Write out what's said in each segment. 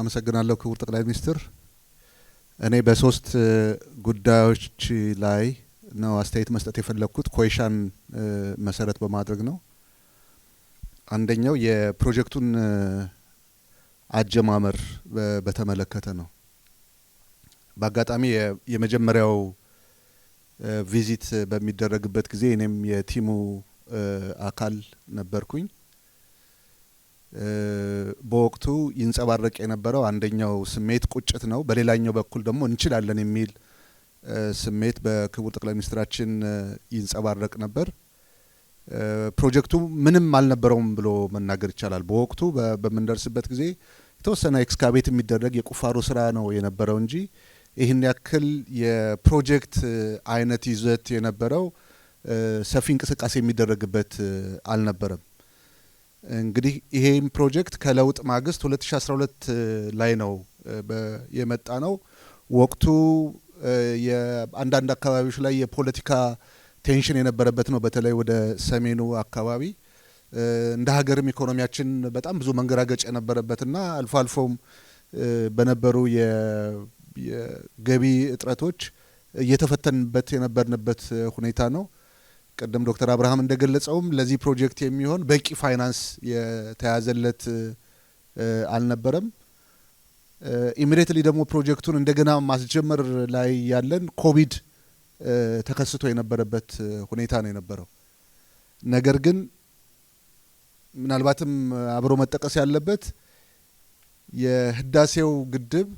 አመሰግናለሁ ክቡር ጠቅላይ ሚኒስትር። እኔ በሶስት ጉዳዮች ላይ ነው አስተያየት መስጠት የፈለግኩት ኮይሻን መሰረት በማድረግ ነው። አንደኛው የፕሮጀክቱን አጀማመር በተመለከተ ነው። በአጋጣሚ የመጀመሪያው ቪዚት በሚደረግበት ጊዜ እኔም የቲሙ አካል ነበርኩኝ። በወቅቱ ይንጸባረቅ የነበረው አንደኛው ስሜት ቁጭት ነው። በሌላኛው በኩል ደግሞ እንችላለን የሚል ስሜት በክቡር ጠቅላይ ሚኒስትራችን ይንጸባረቅ ነበር። ፕሮጀክቱ ምንም አልነበረውም ብሎ መናገር ይቻላል። በወቅቱ በምንደርስበት ጊዜ የተወሰነ ኤክስካቤት የሚደረግ የቁፋሮ ስራ ነው የነበረው እንጂ ይህን ያክል የፕሮጀክት አይነት ይዘት የነበረው ሰፊ እንቅስቃሴ የሚደረግበት አልነበረም። እንግዲህ ይሄም ፕሮጀክት ከለውጥ ማግስት 2012 ላይ ነው የመጣ ነው። ወቅቱ አንዳንድ አካባቢዎች ላይ የፖለቲካ ቴንሽን የነበረበት ነው። በተለይ ወደ ሰሜኑ አካባቢ እንደ ሀገርም ኢኮኖሚያችን በጣም ብዙ መንገራገጭ የነበረበትና አልፎ አልፎም በነበሩ የገቢ እጥረቶች እየተፈተንበት የነበርንበት ሁኔታ ነው። ቅድም ዶክተር አብርሃም እንደገለጸውም ለዚህ ፕሮጀክት የሚሆን በቂ ፋይናንስ የተያዘለት አልነበረም። ኢሚዲየትሊ ደግሞ ፕሮጀክቱን እንደገና ማስጀመር ላይ ያለን ኮቪድ ተከስቶ የነበረበት ሁኔታ ነው የነበረው። ነገር ግን ምናልባትም አብሮ መጠቀስ ያለበት የህዳሴው ግድብ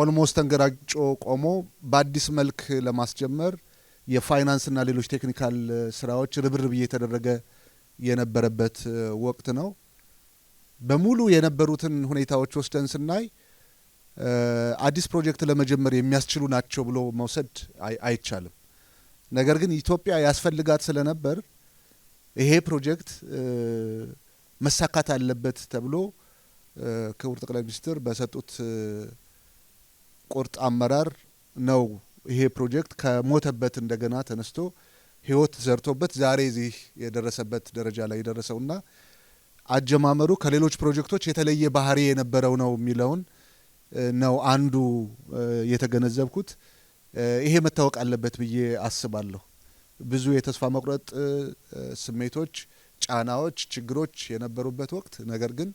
ኦልሞስት ተንገራጮ ቆሞ በአዲስ መልክ ለማስጀመር የፋይናንስና ሌሎች ቴክኒካል ስራዎች ርብርብ እየተደረገ የነበረበት ወቅት ነው። በሙሉ የነበሩትን ሁኔታዎች ወስደን ስናይ አዲስ ፕሮጀክት ለመጀመር የሚያስችሉ ናቸው ብሎ መውሰድ አይቻልም። ነገር ግን ኢትዮጵያ ያስፈልጋት ስለነበር ይሄ ፕሮጀክት መሳካት አለበት ተብሎ ክቡር ጠቅላይ ሚኒስትር በሰጡት ቁርጥ አመራር ነው ይሄ ፕሮጀክት ከሞተበት እንደገና ተነስቶ ህይወት ዘርቶበት ዛሬ እዚህ የደረሰበት ደረጃ ላይ የደረሰውና አጀማመሩ ከሌሎች ፕሮጀክቶች የተለየ ባህሪ የነበረው ነው የሚለውን ነው አንዱ የተገነዘብኩት። ይሄ መታወቅ አለበት ብዬ አስባለሁ። ብዙ የተስፋ መቁረጥ ስሜቶች፣ ጫናዎች፣ ችግሮች የነበሩበት ወቅት ነገር ግን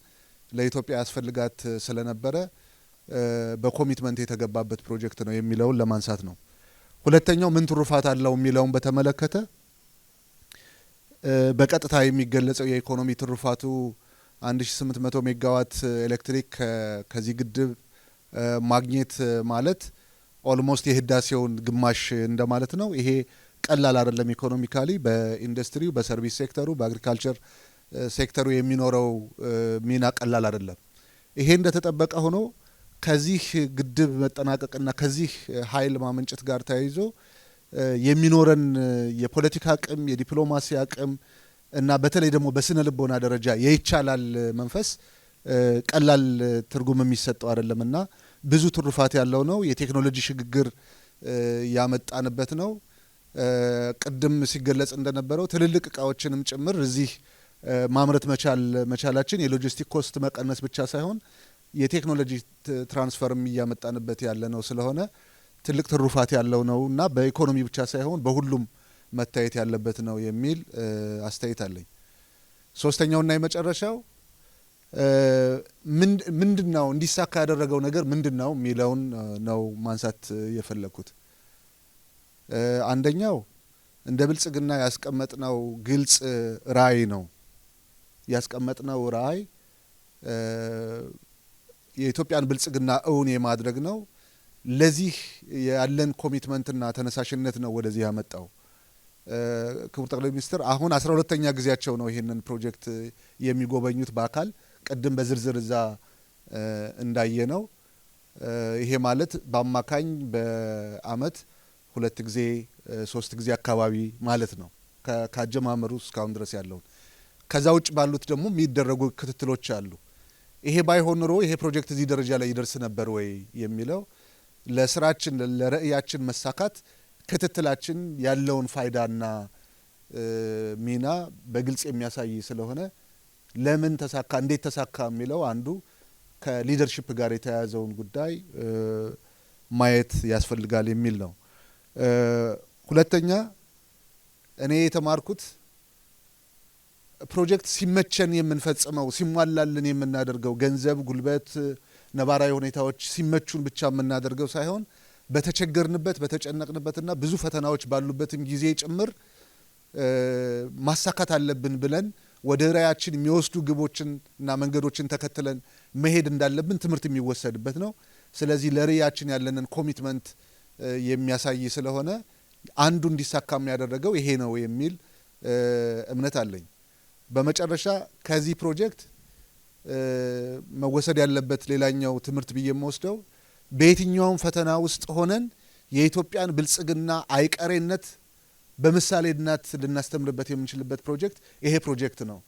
ለኢትዮጵያ ያስፈልጋት ስለነበረ በኮሚትመንት የተገባበት ፕሮጀክት ነው የሚለውን ለማንሳት ነው። ሁለተኛው ምን ትሩፋት አለው የሚለውን በተመለከተ በቀጥታ የሚገለጸው የኢኮኖሚ ትሩፋቱ 1800 ሜጋዋት ኤሌክትሪክ ከዚህ ግድብ ማግኘት ማለት ኦልሞስት የህዳሴውን ግማሽ እንደማለት ነው። ይሄ ቀላል አይደለም። ኢኮኖሚካሊ በኢንዱስትሪው፣ በሰርቪስ ሴክተሩ፣ በአግሪካልቸር ሴክተሩ የሚኖረው ሚና ቀላል አይደለም። ይሄ እንደተጠበቀ ሆኖ ከዚህ ግድብ መጠናቀቅና ከዚህ ኃይል ማመንጨት ጋር ተያይዞ የሚኖረን የፖለቲካ አቅም፣ የዲፕሎማሲ አቅም እና በተለይ ደግሞ በስነ ልቦና ደረጃ የይቻላል መንፈስ ቀላል ትርጉም የሚሰጠው አይደለም እና ብዙ ትሩፋት ያለው ነው። የቴክኖሎጂ ሽግግር ያመጣንበት ነው። ቅድም ሲገለጽ እንደነበረው ትልልቅ እቃዎችንም ጭምር እዚህ ማምረት መቻል መቻላችን የሎጂስቲክ ኮስት መቀነስ ብቻ ሳይሆን የቴክኖሎጂ ትራንስፈርም እያመጣንበት ያለ ነው ስለሆነ ትልቅ ትሩፋት ያለው ነው እና በኢኮኖሚ ብቻ ሳይሆን በሁሉም መታየት ያለበት ነው የሚል አስተያየት አለኝ። ሶስተኛውና የመጨረሻው ምንድን ነው እንዲሳካ ያደረገው ነገር ምንድን ነው የሚለውን ነው ማንሳት የፈለግኩት። አንደኛው እንደ ብልጽግና ያስቀመጥነው ግልጽ ራዕይ ነው ያስቀመጥነው ራዕይ የኢትዮጵያን ብልጽግና እውን የማድረግ ነው። ለዚህ ያለን ኮሚትመንትና ተነሳሽነት ነው ወደዚህ ያመጣው። ክቡር ጠቅላይ ሚኒስትር አሁን አስራ ሁለተኛ ጊዜያቸው ነው ይህንን ፕሮጀክት የሚጎበኙት በአካል ቅድም በዝርዝር እዛ እንዳየ ነው። ይሄ ማለት በአማካኝ በአመት ሁለት ጊዜ ሶስት ጊዜ አካባቢ ማለት ነው ከአጀማመሩ እስካሁን ድረስ ያለውን። ከዛ ውጭ ባሉት ደግሞ የሚደረጉ ክትትሎች አሉ። ይሄ ባይሆን ኖሮ ይሄ ፕሮጀክት እዚህ ደረጃ ላይ ይደርስ ነበር ወይ የሚለው ለስራችን ለራዕያችን መሳካት ክትትላችን ያለውን ፋይዳና ሚና በግልጽ የሚያሳይ ስለሆነ ለምን ተሳካ፣ እንዴት ተሳካ የሚለው አንዱ ከሊደርሽፕ ጋር የተያያዘውን ጉዳይ ማየት ያስፈልጋል የሚል ነው። ሁለተኛ እኔ የተማርኩት ፕሮጀክት ሲመቸን የምንፈጽመው ሲሟላልን የምናደርገው ገንዘብ፣ ጉልበት፣ ነባራዊ ሁኔታዎች ሲመቹን ብቻ የምናደርገው ሳይሆን በተቸገርንበት በተጨነቅንበትና ብዙ ፈተናዎች ባሉበትም ጊዜ ጭምር ማሳካት አለብን ብለን ወደ ራያችን የሚወስዱ ግቦችን እና መንገዶችን ተከትለን መሄድ እንዳለብን ትምህርት የሚወሰድበት ነው። ስለዚህ ለርያችን ያለንን ኮሚትመንት የሚያሳይ ስለሆነ አንዱ እንዲሳካም የሚያደረገው ይሄ ነው የሚል እምነት አለኝ። በመጨረሻ ከዚህ ፕሮጀክት መወሰድ ያለበት ሌላኛው ትምህርት ብዬ የምወስደው በየትኛውም ፈተና ውስጥ ሆነን የኢትዮጵያን ብልጽግና አይቀሬነት በምሳሌነት ልናስተምርበት የምንችልበት ፕሮጀክት ይሄ ፕሮጀክት ነው።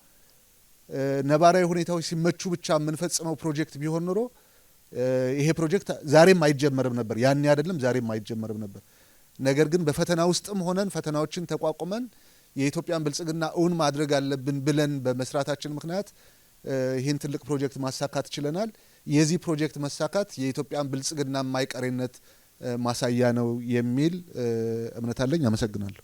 ነባራዊ ሁኔታዎች ሲመቹ ብቻ የምንፈጽመው ፕሮጀክት ቢሆን ኖሮ ይሄ ፕሮጀክት ዛሬም አይጀመርም ነበር። ያኔ አይደለም ዛሬም አይጀመርም ነበር። ነገር ግን በፈተና ውስጥም ሆነን ፈተናዎችን ተቋቁመን የኢትዮጵያን ብልጽግና እውን ማድረግ አለብን ብለን በመስራታችን ምክንያት ይህን ትልቅ ፕሮጀክት ማሳካት ችለናል። የዚህ ፕሮጀክት መሳካት የኢትዮጵያን ብልጽግና ማይቀሬነት ማሳያ ነው የሚል እምነት አለኝ። አመሰግናለሁ።